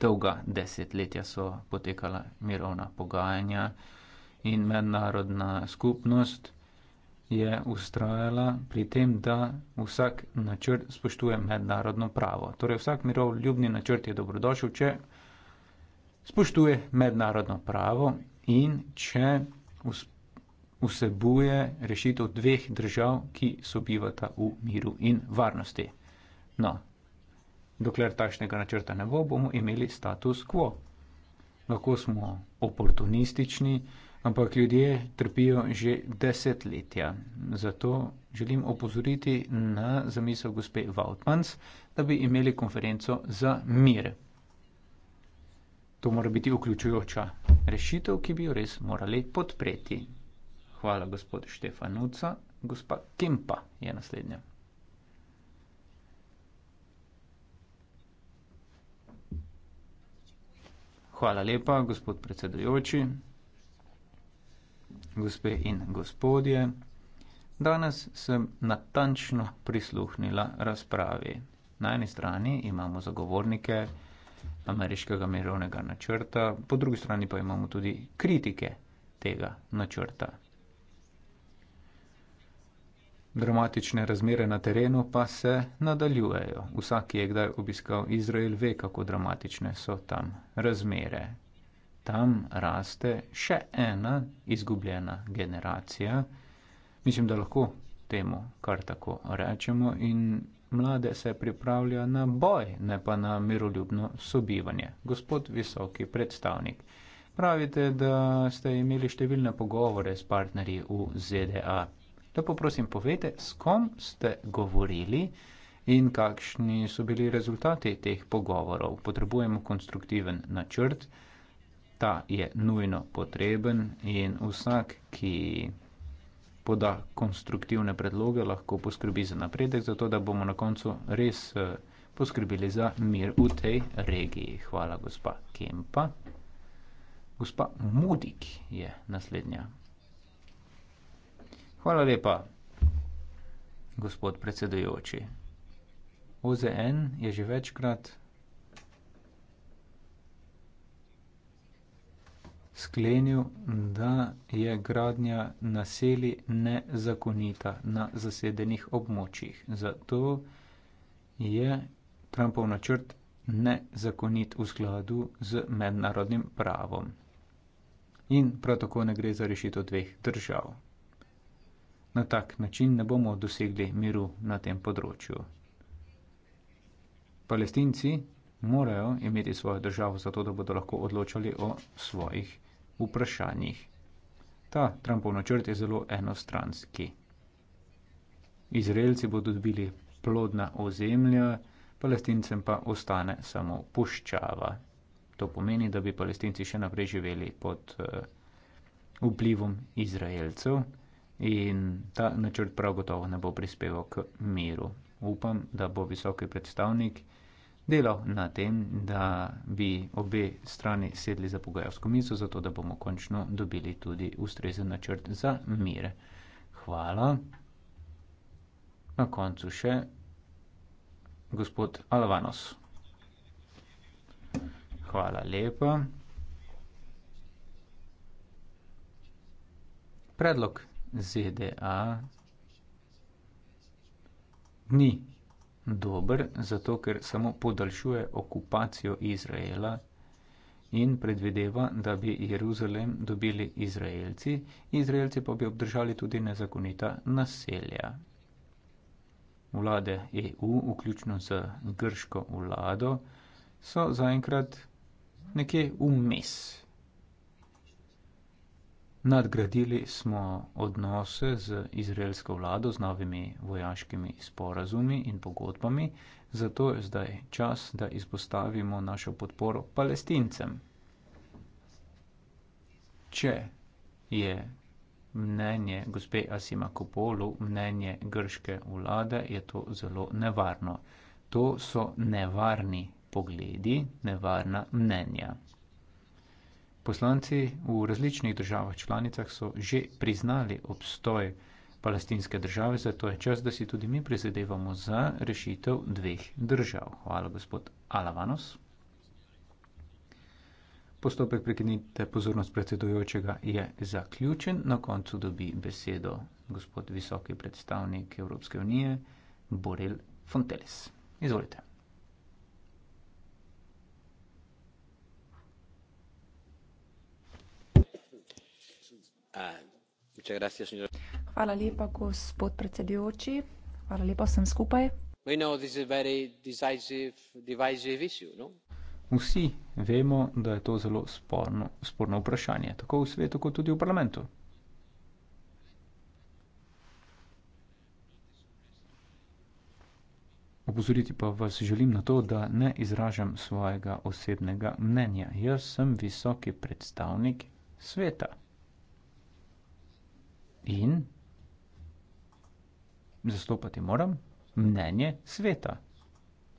Dolga desetletja so potekala mirovna pogajanja in mednarodna skupnost je ustrajala pri tem, da vsak načrt spoštuje mednarodno pravo. Torej vsak miroljubni načrt je dobrodošel, če spoštuje mednarodno pravo in če uspešno vsebuje rešitev dveh držav, ki sobivata v miru in varnosti. No, dokler takšnega načrta ne bo, bomo imeli status quo. Lahko smo oportunistični, ampak ljudje trpijo že desetletja. Zato želim opozoriti na zamisel gospe Vautmans, da bi imeli konferenco za mir. To mora biti vključujoča rešitev, ki bi jo res morali podpreti. Hvala, gospod Štefanuca. Gospa Kimpa je naslednja. Hvala lepa, gospod predsedujoči, gospe in gospodje. Danes sem natančno prisluhnila razpravi. Na eni strani imamo zagovornike ameriškega mirovnega načrta, po drugi strani pa imamo tudi kritike tega načrta. Dramatične razmere na terenu pa se nadaljujejo. Vsak, ki je kdaj obiskal Izrael, ve, kako dramatične so tam razmere. Tam raste še ena izgubljena generacija. Mislim, da lahko temu kar tako rečemo in mlade se pripravlja na boj, ne pa na miroljubno sobivanje. Gospod visoki predstavnik, pravite, da ste imeli številne pogovore s partnerji v ZDA da poprosim povete, s kom ste govorili in kakšni so bili rezultati teh pogovorov. Potrebujemo konstruktiven načrt, ta je nujno potreben in vsak, ki poda konstruktivne predloge, lahko poskrbi za napredek, zato da bomo na koncu res eh, poskrbili za mir v tej regiji. Hvala, gospa Kempa. Gospa Mudik je naslednja Hvala lepa, gospod predsedujoči. OZN je že večkrat sklenil, da je gradnja naseli nezakonita na zasedenih območjih. Zato je Trumpov načrt nezakonit v skladu z mednarodnim pravom. In prav tako ne gre za rešitev dveh držav na tak način ne bomo dosegli miru na tem področju. Palestinci morajo imeti svojo državo, zato da bodo lahko odločali o svojih vprašanjih. Ta Trumpov načrt je zelo enostranski. Izraelci bodo dobili plodna ozemlja, palestincem pa ostane samo puščava. To pomeni, da bi palestinci še naprej živeli pod uh, vplivom izraelcev. In ta načrt prav gotovo ne bo prispeval k miru. Upam, da bo visoki predstavnik delal na tem, da bi obe strani sedli za pogajalsko mizo, zato da bomo končno dobili tudi ustrezen načrt za mir. Hvala. Na koncu še gospod Alvanos. Hvala lepa. Predlog ZDA ni dober, zato ker samo podaljšuje okupacijo Izraela in predvideva, da bi Jeruzalem dobili Izraelci, Izraelci pa bi obdržali tudi nezakonita naselja. Vlade EU, vključno z grško vlado, so zaenkrat nekje vmes. Nadgradili smo odnose z izraelsko vlado z novimi vojaškimi sporazumi in pogodbami, zato je zdaj čas, da izpostavimo našo podporo palestincem. Če je mnenje gospe Asima Kopolu, mnenje grške vlade, je to zelo nevarno. To so nevarni pogledi, nevarna mnenja. Poslanci v različnih državah članicah so že priznali obstoj palestinske države, zato je čas, da si tudi mi prizadevamo za rešitev dveh držav. Hvala, gospod Alavanos. Postopek prekinite pozornost predsedujočega je zaključen. Na koncu dobi besedo gospod visoki predstavnik Evropske unije Borel Fonteles. Izvolite. Hvala lepa, gospod predsedujoči. Hvala lepa vsem skupaj. No? Vsi vemo, da je to zelo sporno, sporno vprašanje, tako v svetu kot tudi v parlamentu. Opozoriti pa vas želim na to, da ne izražam svojega osebnega mnenja. Jaz sem visoki predstavnik sveta in zastopati moram mnenje sveta.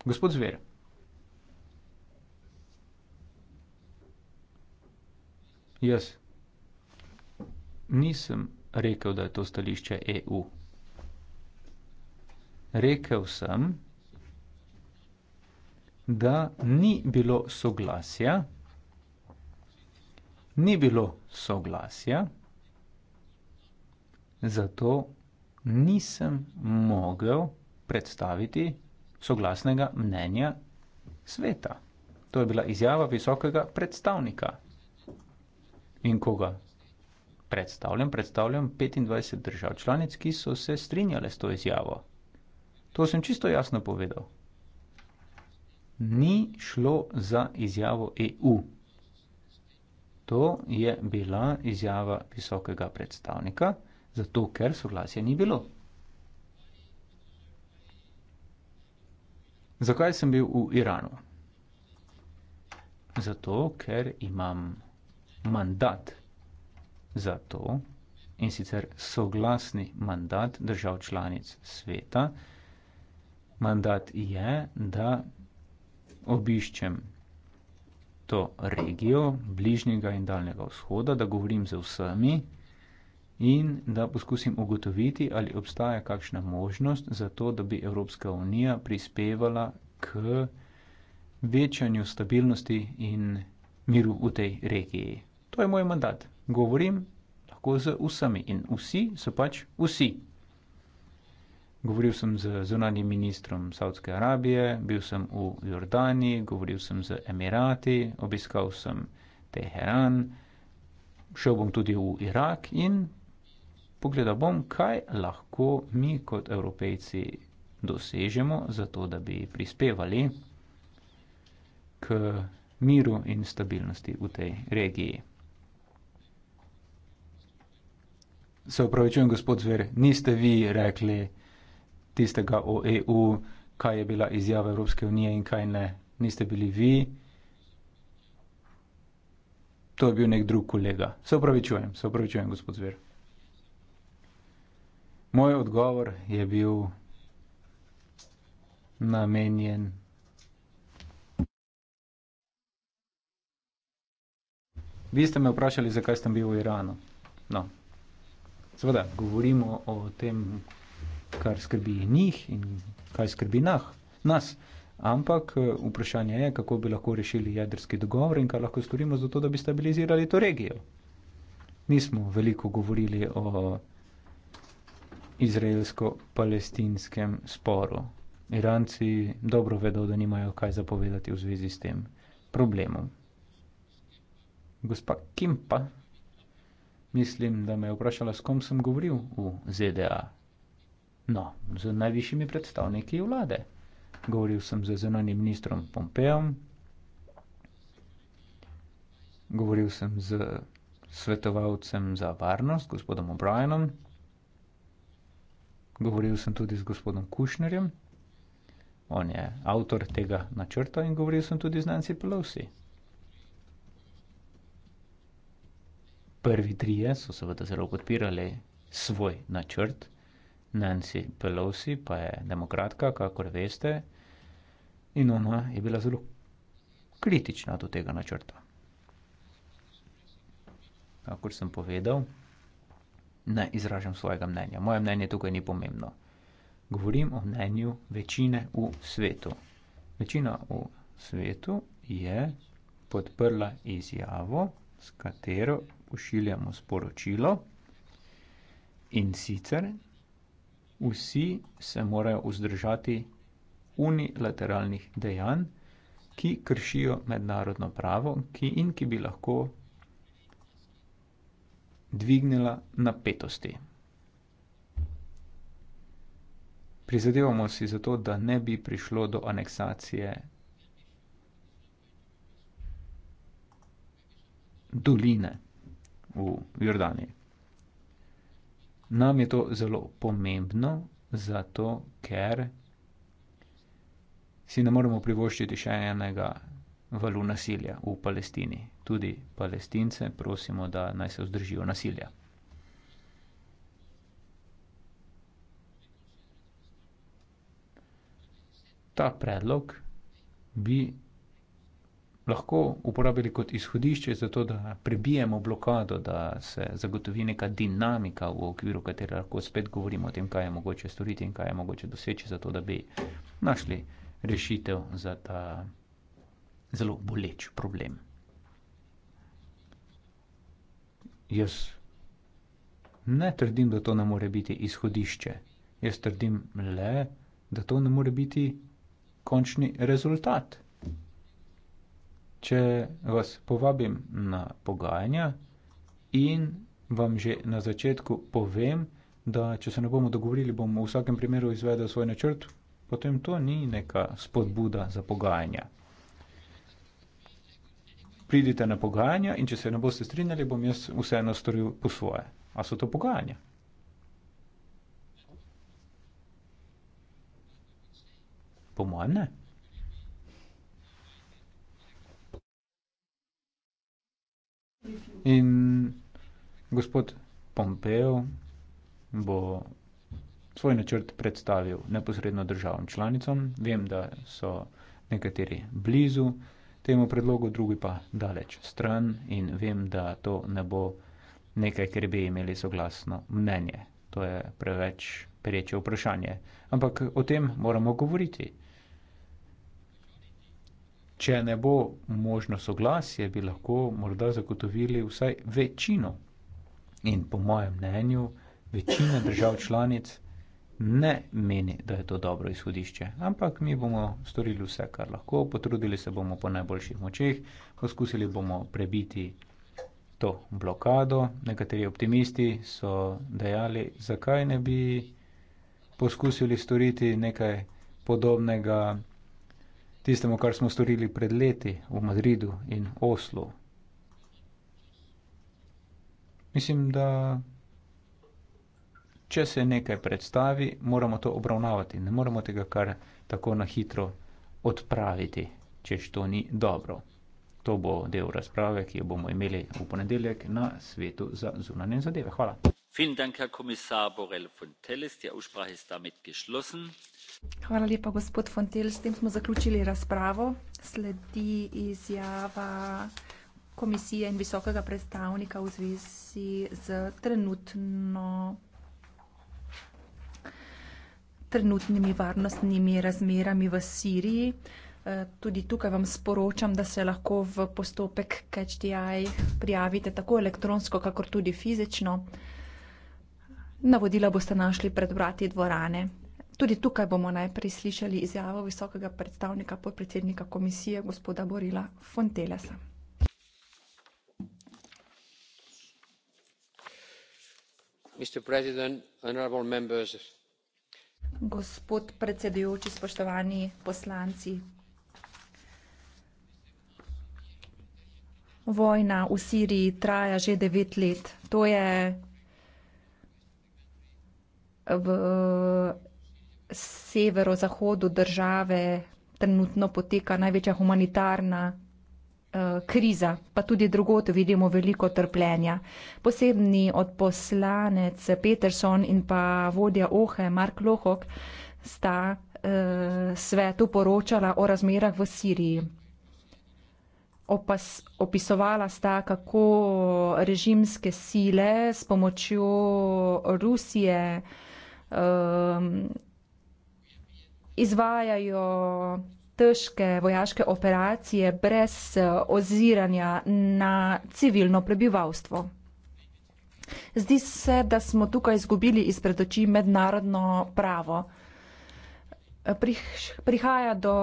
Gospod Zver. Jaz nisem rekel, da je to stališče EU. Rekel sem, da ni bilo soglasja, ni bilo soglasja, zato nisem mogel predstaviti soglasnega mnenja sveta. To je bila izjava visokega predstavnika. In koga predstavljam? Predstavljam 25 držav članic, ki so se strinjale s to izjavo. To sem čisto jasno povedal. Ni šlo za izjavo EU. To je bila izjava visokega predstavnika zato ker soglasja ni bilo. Zakaj sem bil v Iranu? Zato, ker imam mandat za to in sicer soglasni mandat držav članic sveta. Mandat je, da obiščem to regijo bližnjega in daljnega vzhoda, da govorim z vsemi, in da poskusim ugotoviti, ali obstaja kakšna možnost za to, da bi Evropska unija prispevala k večanju stabilnosti in miru v tej regiji. To je moj mandat. Govorim lahko z vsemi in vsi so pač vsi. Govoril sem z zunanjim ministrom Saudske Arabije, bil sem v Jordani, govoril sem z Emirati, obiskal sem Teheran, šel bom tudi v Irak in pogledal bom, kaj lahko mi kot evropejci dosežemo, zato da bi prispevali k miru in stabilnosti v tej regiji. Se upravičujem, gospod Zver, niste vi rekli tistega o EU, kaj je bila izjava Evropske unije in kaj ne. Niste bili vi. To je bil nek drug kolega. Se upravičujem, se upravičujem, gospod Zver. Moj odgovor je bil namenjen Vi ste me vprašali, zakaj sem bil v Iranu. No. Seveda, govorimo o tem, kar skrbi njih in kaj skrbi nah, nas. Ampak vprašanje je, kako bi lahko rešili jedrski dogovor in kaj lahko storimo za to, da bi stabilizirali to regijo. Nismo veliko govorili o izraelsko-palestinskem sporu. Iranci dobro vedo, da nimajo kaj zapovedati v zvezi s tem problemom. Gospa Kimpa, mislim, da me je vprašala, s kom sem govoril v ZDA. No, z najvišjimi predstavniki vlade. Govoril sem z zunanjim ministrom Pompejem, govoril sem z svetovalcem za varnost, gospodom O'Brienom. Govoril sem tudi z gospodom Kušnerjem, on je avtor tega načrta in govoril sem tudi z Nancy Pelosi. Prvi trije so seveda zelo podpirali svoj načrt, Nancy Pelosi pa je demokratka, kakor veste, in ona je bila zelo kritična do tega načrta. Kakor sem povedal, ne izražam svojega mnenja. Moje mnenje tukaj ni pomembno. Govorim o mnenju večine v svetu. Večina v svetu je podprla izjavo, s katero pošiljamo sporočilo in sicer vsi se morajo vzdržati unilateralnih dejanj, ki kršijo mednarodno pravo ki in ki bi lahko dvignila napetosti. Prizadevamo si zato, da ne bi prišlo do aneksacije doline v Jordani. Nam je to zelo pomembno, zato ker si ne moremo privoščiti še enega valu nasilja v Palestini tudi palestince prosimo, da naj se vzdržijo nasilja. Ta predlog bi lahko uporabili kot izhodišče za to, da prebijemo blokado, da se zagotovi neka dinamika v okviru, katera lahko spet govorimo o tem, kaj je mogoče storiti in kaj je mogoče doseči za to, da bi našli rešitev za ta zelo boleč problem. Jaz ne trdim, da to ne more biti izhodišče. Jaz trdim le, da to ne more biti končni rezultat. Če vas povabim na pogajanja in vam že na začetku povem, da če se ne bomo dogovorili, bom v vsakem primeru izvedel svoj načrt, potem to ni neka spodbuda za pogajanja pridite na pogajanja in če se ne boste strinjali, bom jaz vseeno storil po svoje. A so to pogajanja? Po mojem ne. In gospod Pompeo bo svoj načrt predstavil neposredno državam članicam. Vem, da so nekateri blizu, temu predlogu, drugi pa daleč stran in vem, da to ne bo nekaj, ker bi imeli soglasno mnenje. To je preveč pereče vprašanje. Ampak o tem moramo govoriti. Če ne bo možno soglasje, bi lahko morda zagotovili vsaj večino. In po mojem mnenju, večina držav članic ne meni, da je to dobro izhodišče, ampak mi bomo storili vse, kar lahko, potrudili se bomo po najboljših močeh, poskusili bomo prebiti to blokado. Nekateri optimisti so dejali, zakaj ne bi poskusili storiti nekaj podobnega tistemu, kar smo storili pred leti v Madridu in Oslu. Mislim, da če se nekaj predstavi, moramo to obravnavati, ne moramo tega kar tako na hitro odpraviti, češ to ni dobro. To bo del razprave, ki jo bomo imeli v ponedeljek na svetu za zunanje zadeve. Hvala. Hvala lepa, gospod Fontel. S tem smo zaključili razpravo. Sledi izjava komisije in visokega predstavnika v zvezi z trenutno trenutnimi varnostnimi razmerami v Siriji. Eh, tudi tukaj vam sporočam, da se lahko v postopek CatchDI prijavite tako elektronsko, kakor tudi fizično. Navodila boste našli pred vrati dvorane. Tudi tukaj bomo najprej slišali izjavo visokega predstavnika podpredsednika komisije, gospoda Borila Fontelesa. Mr. President, honorable members, gospod predsedujoči, spoštovani poslanci. Vojna v Siriji traja že devet let. To je v severozahodu države trenutno poteka največja humanitarna Eh, kriza, pa tudi drugot vidimo veliko trpljenja. Posebni odposlanec Peterson in pa vodja OHE Mark Lohok sta eh, svetu poročala o razmerah v Siriji. Opas, opisovala sta, kako režimske sile s pomočjo Rusije eh, izvajajo težke vojaške operacije brez eh, oziranja na civilno prebivalstvo. Zdi se, da smo tukaj izgubili izpred oči mednarodno pravo. Eh, prihaja do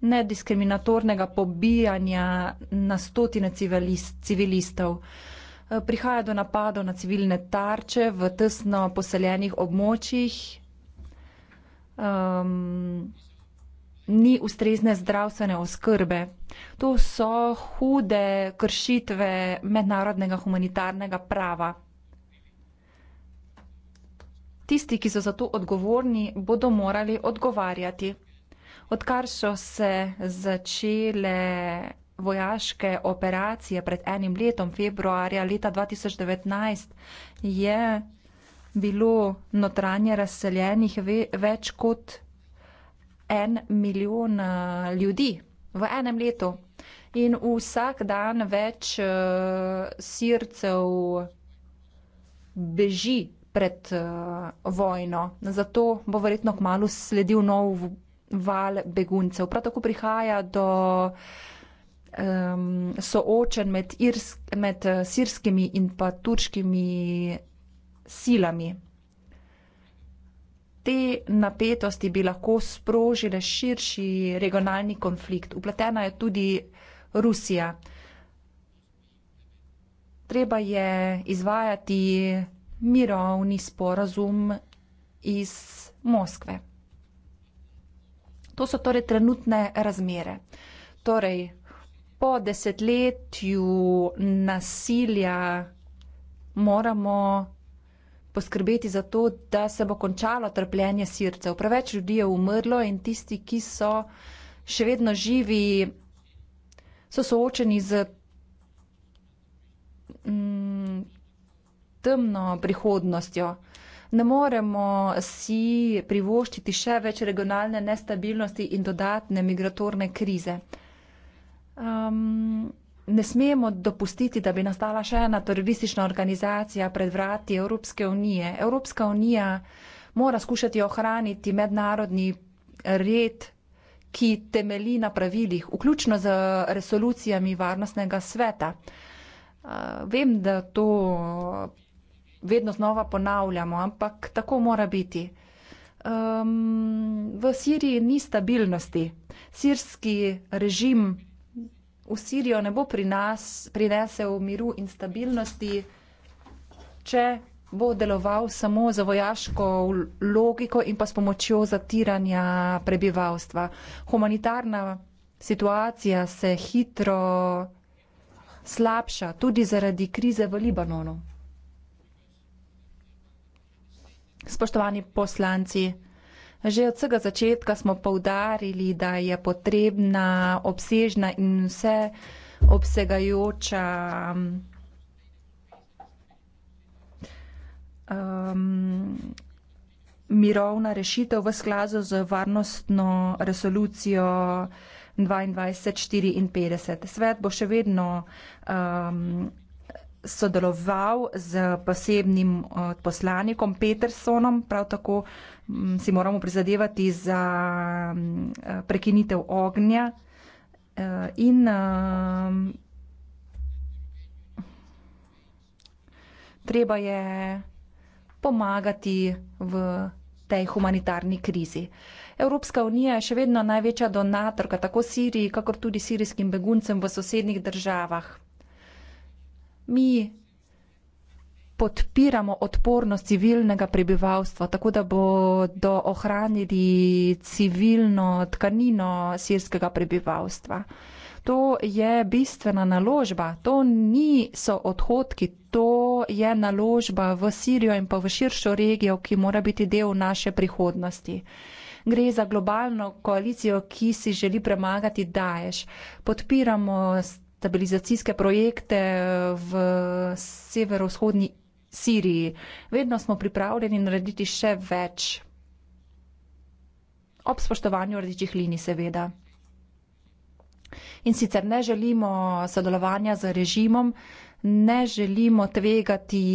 nediskriminatornega pobijanja na stotine civilistov. Eh, prihaja do napadov na civilne tarče v tesno poseljenih območjih. Um, ni ustrezne zdravstvene oskrbe. To so hude kršitve mednarodnega humanitarnega prava. Tisti, ki so za to odgovorni, bodo morali odgovarjati. Odkar so se začele vojaške operacije pred enim letom, februarja leta 2019, je bilo notranje razseljenih več kot en milijon eh, ljudi v enem letu. In vsak dan več uh, sircev beži pred uh, vojno. Zato bo verjetno k malu sledil nov val beguncev. Prav tako prihaja do um, soočen med, irsk, med sirskimi in pa turškimi silami te napetosti bi lahko sprožile širši regionalni konflikt. Upletena je tudi Rusija. Treba je izvajati mirovni sporazum iz Moskve. To so torej trenutne razmere. Torej, po desetletju nasilja moramo poskrbeti za to, da se bo končalo trpljenje sircev. Preveč ljudi je umrlo in tisti, ki so še vedno živi, so soočeni z mm, temno prihodnostjo. Ne moremo si privoščiti še več regionalne nestabilnosti in dodatne migratorne krize. Um, ne smemo dopustiti, da bi nastala še ena teroristična organizacija pred vrati Evropske unije. Evropska unija mora skušati ohraniti mednarodni red, ki temeli na pravilih, vključno z resolucijami Varnostnega sveta. Vem, da to vedno znova ponavljamo, ampak tako mora biti. Um, v Siriji ni stabilnosti. Sirski režim v Sirijo ne bo pri nas prinesel miru in stabilnosti, če bo deloval samo za vojaško logiko in pa s pomočjo zatiranja prebivalstva. Humanitarna situacija se hitro slabša tudi zaradi krize v Libanonu. Spoštovani poslanci, Že od vsega začetka smo poudarili, da je potrebna obsežna in vse obsegajoča um, mirovna rešitev v skladu z varnostno resolucijo 2254. Svet bo še vedno um, sodeloval z posebnim eh, poslanikom Petersonom, prav tako mm, si moramo prizadevati za mm, eh, prekinitev ognja eh, in treba je pomagati v tej humanitarni krizi. Evropska unija je še vedno največja donatorka tako Siriji, kakor tudi sirijskim beguncem v sosednjih državah mi podpiramo odpornost civilnega prebivalstva, tako da bodo ohranili civilno tkanino sirskega prebivalstva. To je bistvena naložba, to niso odhodki, to je naložba v Sirijo in pa v širšo regijo, ki mora biti del naše prihodnosti. Gre za globalno koalicijo, ki si želi premagati Daesh. Podpiramo stabilizacijske projekte eh, v severovzhodni Siriji. Vedno smo pripravljeni narediti še več. Ob spoštovanju rdečih linij, seveda. In sicer ne želimo sodelovanja z režimom, ne želimo tvegati.